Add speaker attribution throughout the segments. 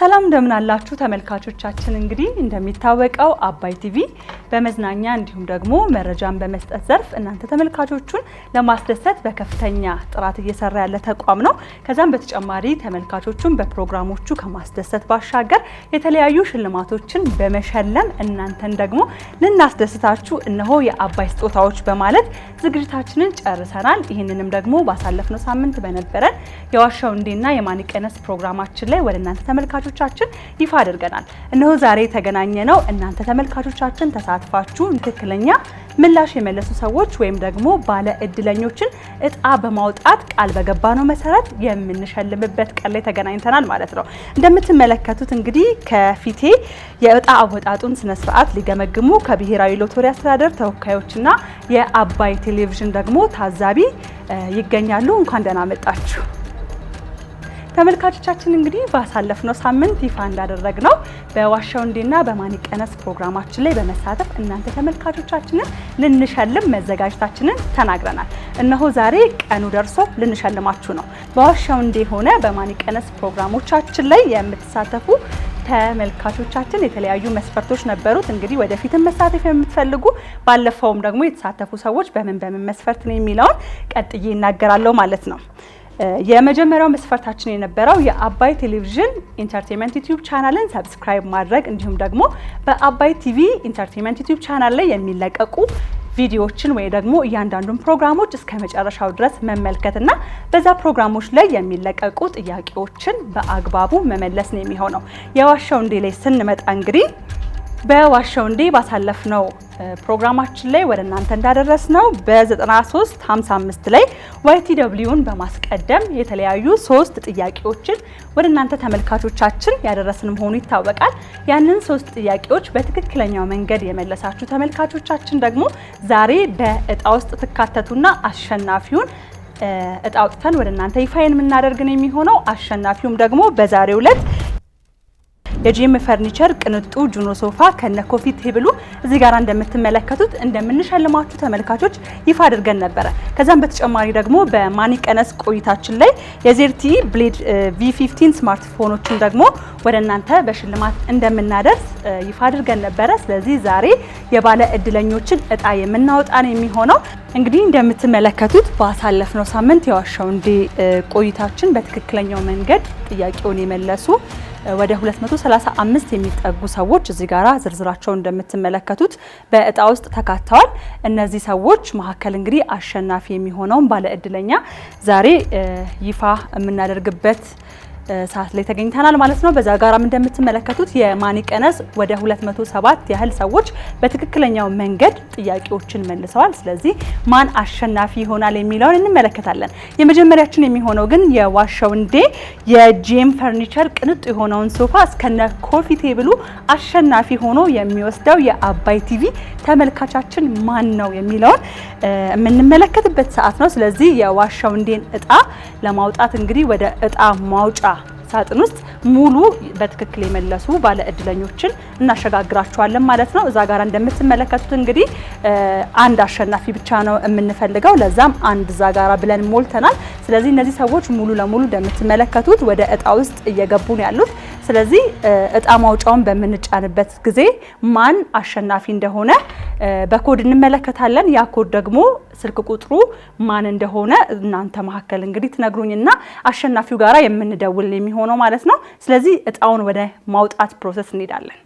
Speaker 1: ሰላም እንደምን አላችሁ ተመልካቾቻችን። እንግዲህ እንደሚታወቀው አባይ ቲቪ በመዝናኛ እንዲሁም ደግሞ መረጃን በመስጠት ዘርፍ እናንተ ተመልካቾቹን ለማስደሰት በከፍተኛ ጥራት እየሰራ ያለ ተቋም ነው። ከዛም በተጨማሪ ተመልካቾቹን በፕሮግራሞቹ ከማስደሰት ባሻገር የተለያዩ ሽልማቶችን በመሸለም እናንተን ደግሞ ልናስደስታችሁ እነሆ የአባይ ስጦታዎች በማለት ዝግጅታችንን ጨርሰናል። ይህንንም ደግሞ ባሳለፍነው ሳምንት በነበረን የዋሻው እንዴና የማንቀነስ ፕሮግራማችን ላይ ወደ እናንተ ተመልካቾቻችን ይፋ አድርገናል። እነሆ ዛሬ የተገናኘ ነው እናንተ ተመልካቾቻችን ተሳ ተሳትፋችሁን ትክክለኛ ምላሽ የመለሱ ሰዎች ወይም ደግሞ ባለ እድለኞችን እጣ በማውጣት ቃል በገባነው መሰረት የምንሸልምበት ቀን ላይ ተገናኝተናል ማለት ነው። እንደምትመለከቱት እንግዲህ ከፊቴ የእጣ አወጣጡን ስነ ስርዓት ሊገመግሙ ከብሔራዊ ሎተሪ አስተዳደር ተወካዮችና የአባይ ቴሌቪዥን ደግሞ ታዛቢ ይገኛሉ። እንኳን ደህና መጣችሁ። ተመልካቾቻችን እንግዲህ ባሳለፍነው ሳምንት ይፋ ነው በዋሻው እንዴና በማኒቀነስ ፕሮግራማችን ላይ በመሳተፍ እናንተ ተመልካቾቻችንን ልንሸልም መዘጋጀታችንን ተናግረናል። እነሆ ዛሬ ቀኑ ደርሶ ልንሸልማችሁ ነው። በዋሻው እንዴ ሆነ በማኒቀነስ ፕሮግራሞቻችን ላይ የምትሳተፉ ተመልካቾቻችን የተለያዩ መስፈርቶች ነበሩት። እንግዲህ ወደፊትም መሳተፍ የምትፈልጉ ባለፈውም ደግሞ የተሳተፉ ሰዎች በምን በምን መስፈርት ነው የሚለውን ቀጥዬ ይናገራለሁ ማለት ነው። የመጀመሪያው መስፈርታችን የነበረው የአባይ ቴሌቪዥን ኢንተርቴንመንት ዩቲዩብ ቻናልን ሰብስክራይብ ማድረግ እንዲሁም ደግሞ በአባይ ቲቪ ኢንተርቴንመንት ዩቲዩብ ቻናል ላይ የሚለቀቁ ቪዲዮዎችን ወይ ደግሞ እያንዳንዱን ፕሮግራሞች እስከ መጨረሻው ድረስ መመልከትና በዛ ፕሮግራሞች ላይ የሚለቀቁ ጥያቄዎችን በአግባቡ መመለስ ነው የሚሆነው። የዋሻው እንዴ ላይ ስንመጣ እንግዲህ በዋሻው ባሳለፍ ባሳለፍነው ፕሮግራማችን ላይ ወደ እናንተ እንዳደረስ ነው በ9355 ላይ ዋይቲደብሊውን በማስቀደም የተለያዩ ሶስት ጥያቄዎችን ወደ እናንተ ተመልካቾቻችን ያደረስን መሆኑ ይታወቃል። ያንን ሶስት ጥያቄዎች በትክክለኛው መንገድ የመለሳችሁ ተመልካቾቻችን ደግሞ ዛሬ በእጣ ውስጥ ትካተቱና አሸናፊውን እጣ አውጥተን ወደ እናንተ ይፋ የምናደርግን የሚሆነው አሸናፊውም ደግሞ በዛሬው ዕለት የጂኤም ፈርኒቸር ቅንጡ ጁኖ ሶፋ ከነ ኮፊ ቴብሉ እዚህ ጋር እንደምትመለከቱት እንደምንሸልማችሁ ተመልካቾች ይፋ አድርገን ነበረ። ከዛም በተጨማሪ ደግሞ በማኒቀነስ ቆይታችን ላይ የዜርቲ ብሌድ ቪ15 ስማርትፎኖችን ደግሞ ወደ እናንተ በሽልማት እንደምናደርስ ይፋ አድርገን ነበረ። ስለዚህ ዛሬ የባለ እድለኞችን እጣ የምናወጣ ነው የሚሆነው። እንግዲህ እንደምትመለከቱት ባሳለፍነው ሳምንት የዋሻው እንዴ ቆይታችን በትክክለኛው መንገድ ጥያቄውን የመለሱ ወደ 235 የሚጠጉ ሰዎች እዚህ ጋራ ዝርዝራቸውን እንደምትመለከቱት በእጣ ውስጥ ተካተዋል። እነዚህ ሰዎች መካከል እንግዲህ አሸናፊ የሚሆነውን ባለ እድለኛ ዛሬ ይፋ የምናደርግበት ሰዓት ላይ ተገኝተናል ማለት ነው። በዛ ጋራም እንደምትመለከቱት የማኒቀነስ ወደ 207 ያህል ሰዎች በትክክለኛው መንገድ ጥያቄዎችን መልሰዋል። ስለዚህ ማን አሸናፊ ይሆናል የሚለውን እንመለከታለን። የመጀመሪያችን የሚሆነው ግን የዋሸውንዴ የጂም ፈርኒቸር ቅንጡ የሆነውን ሶፋ እስከነ ኮፊ ቴብሉ አሸናፊ ሆኖ የሚወስደው የአባይ ቲቪ ተመልካቻችን ማን ነው የሚለውን የምንመለከትበት ሰዓት ነው። ስለዚህ የዋሸውንዴን እጣ ለማውጣት እንግዲህ ወደ እጣ ማውጫ ሳጥን ውስጥ ሙሉ በትክክል የመለሱ ባለ እድለኞችን እናሸጋግራቸዋለን ማለት ነው። እዛ ጋር እንደምትመለከቱት እንግዲህ አንድ አሸናፊ ብቻ ነው የምንፈልገው። ለዛም አንድ እዛ ጋር ብለን ሞልተናል። ስለዚህ እነዚህ ሰዎች ሙሉ ለሙሉ እንደምትመለከቱት ወደ እጣ ውስጥ እየገቡ ነው ያሉት። ስለዚህ እጣ ማውጫውን በምንጫንበት ጊዜ ማን አሸናፊ እንደሆነ በኮድ እንመለከታለን። ያ ኮድ ደግሞ ስልክ ቁጥሩ ማን እንደሆነ እናንተ መካከል እንግዲህ ትነግሩኝና አሸናፊው ጋራ የምንደውል የሚሆነው ማለት ነው። ስለዚህ እጣውን ወደ ማውጣት ፕሮሰስ እንሄዳለን።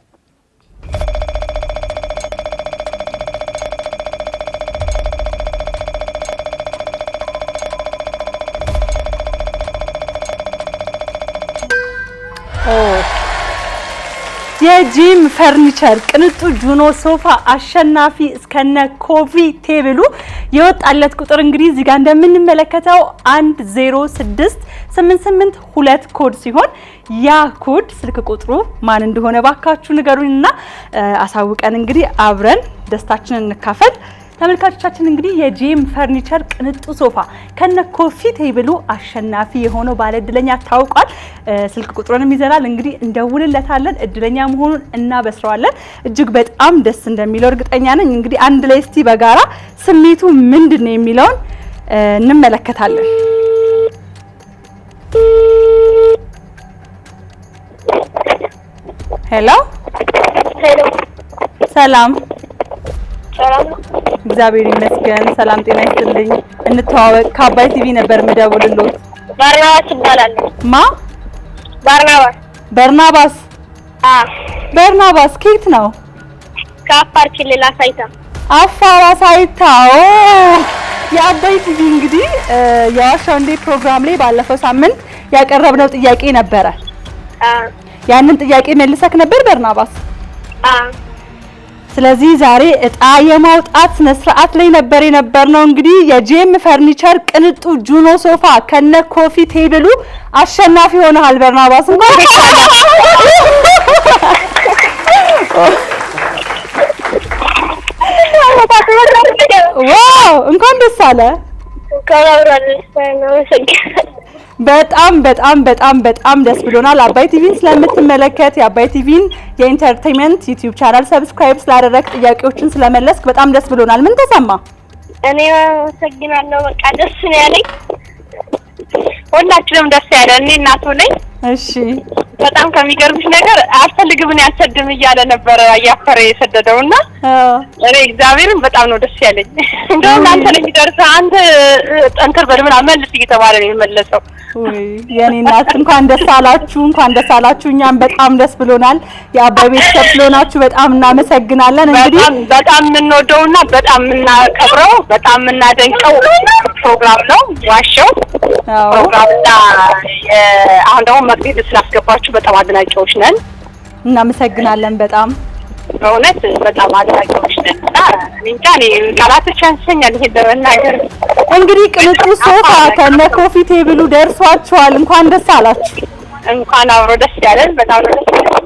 Speaker 1: የጂም ፈርኒቸር ቅንጡ ጁኖ ሶፋ አሸናፊ እስከነ ኮፊ ቴብሉ የወጣለት ቁጥር እንግዲህ እዚህ ጋር እንደምንመለከተው 10688 ኮድ ሲሆን ያ ኮድ ስልክ ቁጥሩ ማን እንደሆነ ባካችሁ ንገሩንና አሳውቀን እንግዲህ አብረን ደስታችንን እንካፈል። ተመልካቾቻችን እንግዲህ የጂም ፈርኒቸር ቅንጡ ሶፋ ከነ ኮፊ ቴብሉ አሸናፊ የሆነው ባለ እድለኛ ታውቋል። ስልክ ቁጥሩንም ይዘናል። እንግዲህ እንደውልለታለን፣ እድለኛ መሆኑን እናበስረዋለን። እጅግ በጣም ደስ እንደሚለው እርግጠኛ ነኝ። እንግዲህ አንድ ላይ እስቲ በጋራ ስሜቱ ምንድን ነው የሚለውን እንመለከታለን። ሄሎ ሰላም እግዚአብሔር ይመስገን። ሰላም ጤና ይስጥልኝ። እንተዋወቅ። ከአባይ ቲቪ ነበር ምደውልልዎት።
Speaker 2: ባርናባስ ይባላል። ማ ባርናባስ? በርናባስ አዎ።
Speaker 1: በርናባስ ከየት ነው?
Speaker 2: ከአፋር ክልል አሳይታ።
Speaker 1: አፋር አሳይታ። ኦ የአባይ ቲቪ እንግዲህ የዋሻው እንዴ ፕሮግራም ላይ ባለፈው ሳምንት ያቀረብነው ጥያቄ ነበረ። ያንን ጥያቄ መልሰክ ነበር በርናባስ? ስለዚህ ዛሬ እጣ የማውጣት ስነ ስርዓት ላይ ነበር ነው። እንግዲህ የጄም ፈርኒቸር ቅንጡ ጁኖ ሶፋ ከነ ኮፊ ቴብሉ አሸናፊ ሆነሃል በርናባስ፣ እንኳን ደስ አለህ። ዋው! እንኳን ደስ አለ በጣም በጣም በጣም በጣም ደስ ብሎናል። አባይ ቲቪን ስለምትመለከት የአባይ ቲቪን የኢንተርቴንመንት ዩቲዩብ ቻናል ሰብስክራይብ ስላደረግ ጥያቄዎችን ስለመለስክ በጣም ደስ ብሎናል። ምን ተሰማ?
Speaker 2: እኔ አመሰግናለሁ። በቃ ደስ ነው ያለኝ። ሁላችንም ደስ ያለ እኔ እናቱ ነኝ። እሺ በጣም ከሚገርምሽ ነገር አልፈልግም እኔ አልሰድም እያለ ነበረ እያፈረ የሰደደው እና እኔ እግዚአብሔርን በጣም ነው ደስ ያለኝ። እንደውም አንተ ነኝ ደርሰ አንተ ጠንከር በል ምናምን መልስ እየተባለ ነው የመለሰው።
Speaker 1: የኔ እናት እንኳን ደስ አላችሁ፣ እንኳን ደስ አላችሁ። እኛም በጣም ደስ ብሎናል። የአባይ ቤተሰብ ስለሆናችሁ በጣም እናመሰግናለን። እንግዲህ
Speaker 2: በጣም የምንወደውና በጣም የምናከብረው በጣም የምናደንቀው ፕሮግራም ነው ዋሸው ፕሮግራምና አሁን ደግሞ መቅዲድ ስላስገባችሁ በጣም አድናቂዎች ነን።
Speaker 1: እናመሰግናለን። በጣም
Speaker 2: በእውነት በጣም አድናቂዎች ነን እንጃ እኔ ቃላቶች ያንሰኛል ይሄ ለመናገር
Speaker 1: እንግዲህ ቅንጡ ሶፋ ከነ ኮፊ ቴብሉ ደርሷችኋል። እንኳን ደስ አላችሁ።
Speaker 2: እንኳን አብሮ ደስ ያለን። በጣም ነው ደስ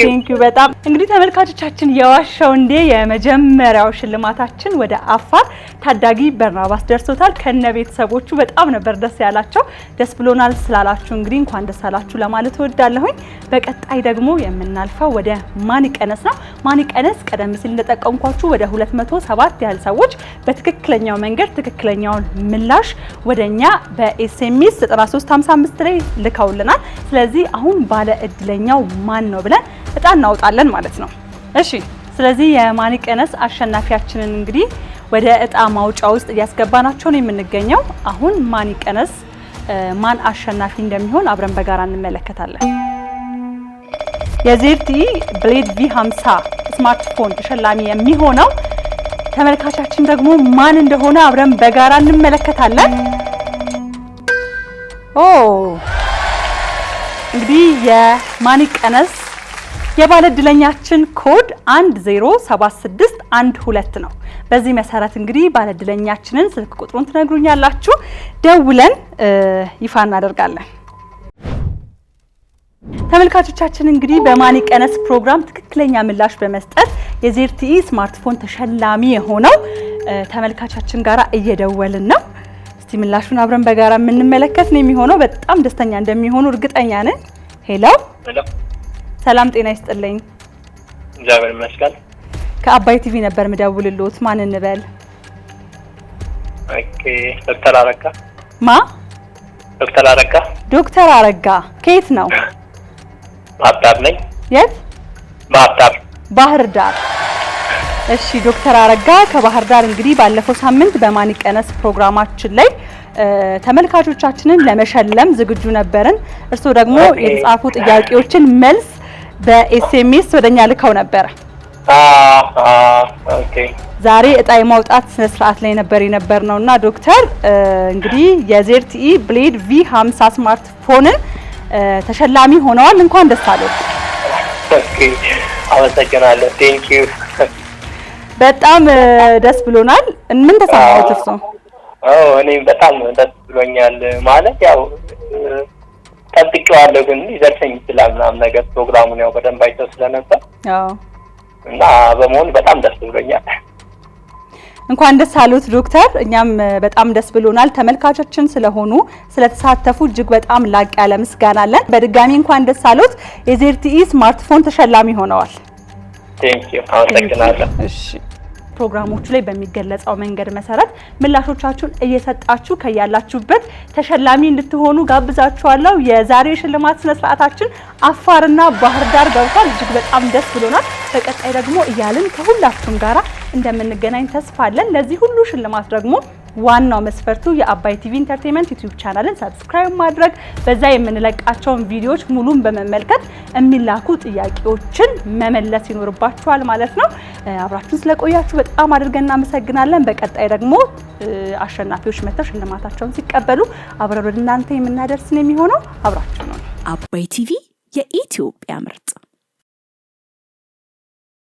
Speaker 1: ቴንኪው በጣም እንግዲህ ተመልካቾቻችን የዋሻው እንዴ የመጀመሪያው ሽልማታችን ወደ አፋር ታዳጊ በርናባስ ደርሶታል። ከነ ቤተሰቦቹ በጣም ነበር ደስ ያላቸው። ደስ ብሎናል ስላላችሁ እንግዲህ እንኳን ደስ አላችሁ ለማለት እወዳለሁኝ። በቀጣይ ደግሞ የምናልፈው ወደ ማን ይቀነስ ነው። ማን ይቀነስ ቀደም ሲል እንደጠቀምኳችሁ ወደ 207 ያህል ሰዎች በትክክለኛው መንገድ ትክክለኛውን ምላሽ ወደኛ በኤስኤምኤስ 9355 ላይ ልከውልናል። ስለዚህ አሁን ባለ እድለኛው ማን ነው ብለን እጣ እናወጣለን ማለት ነው። እሺ ስለዚህ የማኒ ቀነስ አሸናፊያችንን እንግዲህ ወደ እጣ ማውጫ ውስጥ እያስገባናቸው ነው የምንገኘው። አሁን ማኒ ቀነስ ማን አሸናፊ እንደሚሆን አብረን በጋራ እንመለከታለን። የዜድ ብሌድ ቪ50 ስማርትፎን ተሸላሚ የሚሆነው ተመልካቻችን ደግሞ ማን እንደሆነ አብረን በጋራ እንመለከታለን። ኦ እንግዲህ የማኒ ቀነስ የባለ እድለኛችን ኮድ 107612 ነው። በዚህ መሰረት እንግዲህ ባለ እድለኛችንን ስልክ ቁጥሩን ትነግሩኛላችሁ፣ ደውለን ይፋ እናደርጋለን። ተመልካቾቻችን እንግዲህ በማን ይቀነስ ፕሮግራም ትክክለኛ ምላሽ በመስጠት የዜድቲኢ ስማርትፎን ተሸላሚ የሆነው ተመልካቻችን ጋራ እየደወልን ነው። እስቲ ምላሹን አብረን በጋራ የምንመለከት ነው የሚሆነው። በጣም ደስተኛ እንደሚሆኑ እርግጠኛ ነን። ሄላው ሰላም ጤና ይስጥልኝ።
Speaker 3: እግዚአብሔር ይመስገን።
Speaker 1: ከአባይ ቲቪ ነበር ምደውልልዎት። ማን እንበል? ዶክተር አረጋ ማ? ዶክተር አረጋ ዶክተር አረጋ ከየት ነው? ባህር ዳር ነኝ። የት? ባህር ዳር። ባህር ዳር። እሺ ዶክተር አረጋ ከባህር ዳር እንግዲህ ባለፈው ሳምንት በማን ይቀነስ ፕሮግራማችን ላይ ተመልካቾቻችንን ለመሸለም ዝግጁ ነበርን። እርስዎ ደግሞ የተጻፉ ጥያቄዎችን መልስ በኤስኤምኤስ ወደኛ ልከው ነበረ። ዛሬ እጣ የማውጣት ስነ ስርዓት ላይ ነበር የነበር ነውና ዶክተር እንግዲህ የዜድቲኢ ብሌድ ቪ 50 ስማርት ፎንን ተሸላሚ ሆነዋል። እንኳን ደስ አለዎት።
Speaker 3: አመሰግናለሁ። ቴንክ ዩ።
Speaker 1: በጣም ደስ ብሎናል። ምን ተሰማዎት እርስዎ?
Speaker 3: እኔ በጣም ደስ ብሎኛል ማለት ያው ጠብቄዋለሁ፣ ግን ይደርሰኝ ይችላል ምናምን ነገር ፕሮግራሙን ያው በደንብ አይተው ስለነበር እና በመሆኑ በጣም ደስ ብሎኛል።
Speaker 1: እንኳን ደስ አሉት ዶክተር። እኛም በጣም ደስ ብሎናል። ተመልካቾችን ስለሆኑ ስለተሳተፉ እጅግ በጣም ላቅ ያለ ምስጋና አለን። በድጋሚ እንኳን ደስ አሉት። የዜርቲኢ ስማርትፎን ተሸላሚ ሆነዋል።
Speaker 3: አመሰግናለሁ።
Speaker 1: ፕሮግራሞቹ ላይ በሚገለጸው መንገድ መሰረት ምላሾቻችሁን እየሰጣችሁ ከያላችሁበት ተሸላሚ እንድትሆኑ ጋብዛችኋለሁ። የዛሬው የሽልማት ስነ ስርዓታችን አፋርና ባህር ዳር ገብቷል። እጅግ በጣም ደስ ብሎናል። በቀጣይ ደግሞ እያልን ከሁላችሁም ጋራ እንደምንገናኝ ተስፋ አለን። ለዚህ ሁሉ ሽልማት ደግሞ ዋናው መስፈርቱ የአባይ ቲቪ ኢንተርቴንመንት ዩቲዩብ ቻናልን ሰብስክራይብ ማድረግ፣ በዛ የምንለቃቸውን ቪዲዮዎች ሙሉን በመመልከት የሚላኩ ጥያቄዎችን መመለስ ይኖርባችኋል ማለት ነው። አብራችሁን ስለቆያችሁ በጣም አድርገን እናመሰግናለን። በቀጣይ ደግሞ አሸናፊዎች መጥተው ሽልማታቸውን ሲቀበሉ አብረን ወደ እናንተ የምናደርስን የሚሆነው አብራችሁ ነው። አባይ ቲቪ የኢትዮጵያ ምርጥ